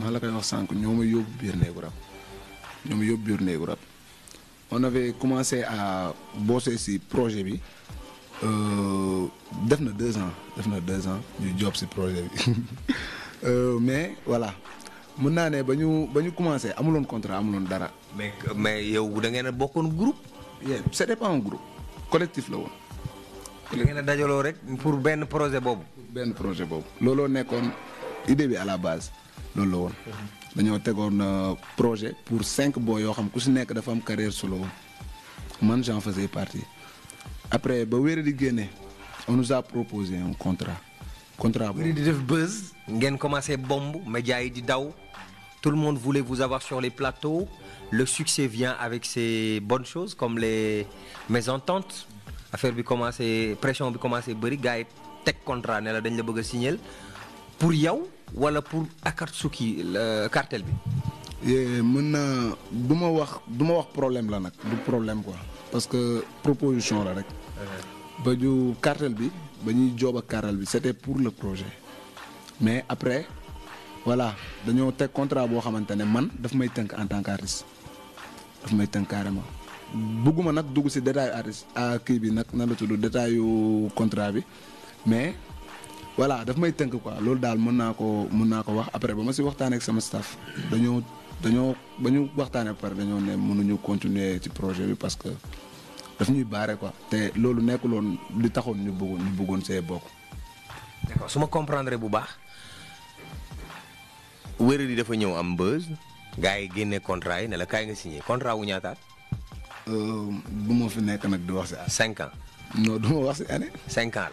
maa la koy wax sànq ñoo ma yóbbu biir néegu rab ñoo yóbbu biir néegu rab on avait commencé à bosser si projet bi euh, def na deux ans def na deux ans ñu job si projet bi euh, mais voilà mën naa ne ba ñu ba ñu commencé amuloon contrat amuloon dara. mais mais yow da ngeen a bokkoon groupe. yeah c'était pas un groupe collectif la woon. da ngeen a dajaloo rek pour benn projet boobu. benn projet boobu. looloo nekkoon idée bi à la base loolu la woon. dañoo euh, projet pour cinq boys yoo xam ku si nekk dafa am carrière solo woon man j'en faisais partie après ba di génne on nous a proposé un contrat. contrat boobu di def buzz. ngeen commencé bomb médias yi di daw tout le monde voulait vous avoir sur les plateaux le succès vient avec Ces bonnes choses comme les mésententes affaire bi commencé pression bi commencé bëri gars yi teg contrat ne la dañ la bëgg pour yow wala pour Akatsuki cartel bi. Eh, mën naa du wax duma wax problème la nak du problème quoi parce que proposition la rek. Uh-huh. ba ñu cartel bi ba ñuy joob cartel bi c'était pour le projet mais après voilà dañoo teg contrat boo xamante ne man daf may tënk en tant qu'artiste daf may tënk carrément. bugguma nag dugg si détail artiste ah, kii bi nag nan la tudd détail yu contrat bi mais voilà daf may que quoi loolu dal mën que mën après ba ma si ak sama staff dañu dañu continuer ci projet parce que daf ñuy barré quoi te loolu nekkuloon li taxone ñu ñu sé bokk. d'accord suma veux comprendre bu baax. wéeréer dafa ñëw am buzz. gaay contrat yi ne la kay nga signé contrat wu euh, bu fi nekk nak di wax cinq ans. non du wax cinq ans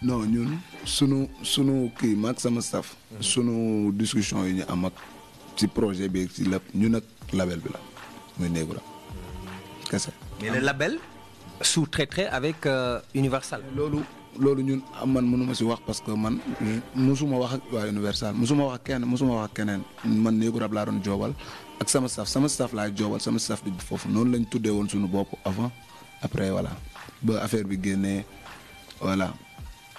non nous, sunu sunu kii sama staff. nous discussion yi ñu am projet bi ci le label bi la muy mais le label sous très avec euh, Universal. lolu lolu ñun am man mënu ma wax parce que man wax ak Universal wax wax man staff sama staff sama staff bi lañ avant après voilà ba affaire bi voilà.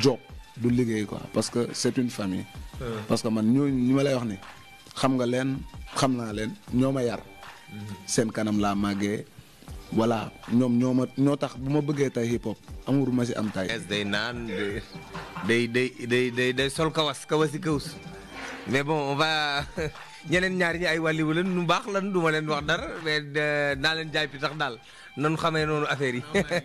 job du liguey quoi parce que c'est une famille. Euh. parce que man ñooñu ñi ma lay wax ni xam nga len xam na len ñoma ma yar. Mm-hmm. seen kanam la màggee voilà ñom ñoma ma ñoo tax bu hip hop amuru ma si am tay day nan de day day day sol kawas kawasi kaws mais bon on va ñeneen ñaar ñi ay wàlliwu lan nu baax lan du ma wax dar mais euh, na len jaay pi tax dal nanu xamé noonu affaire yi ah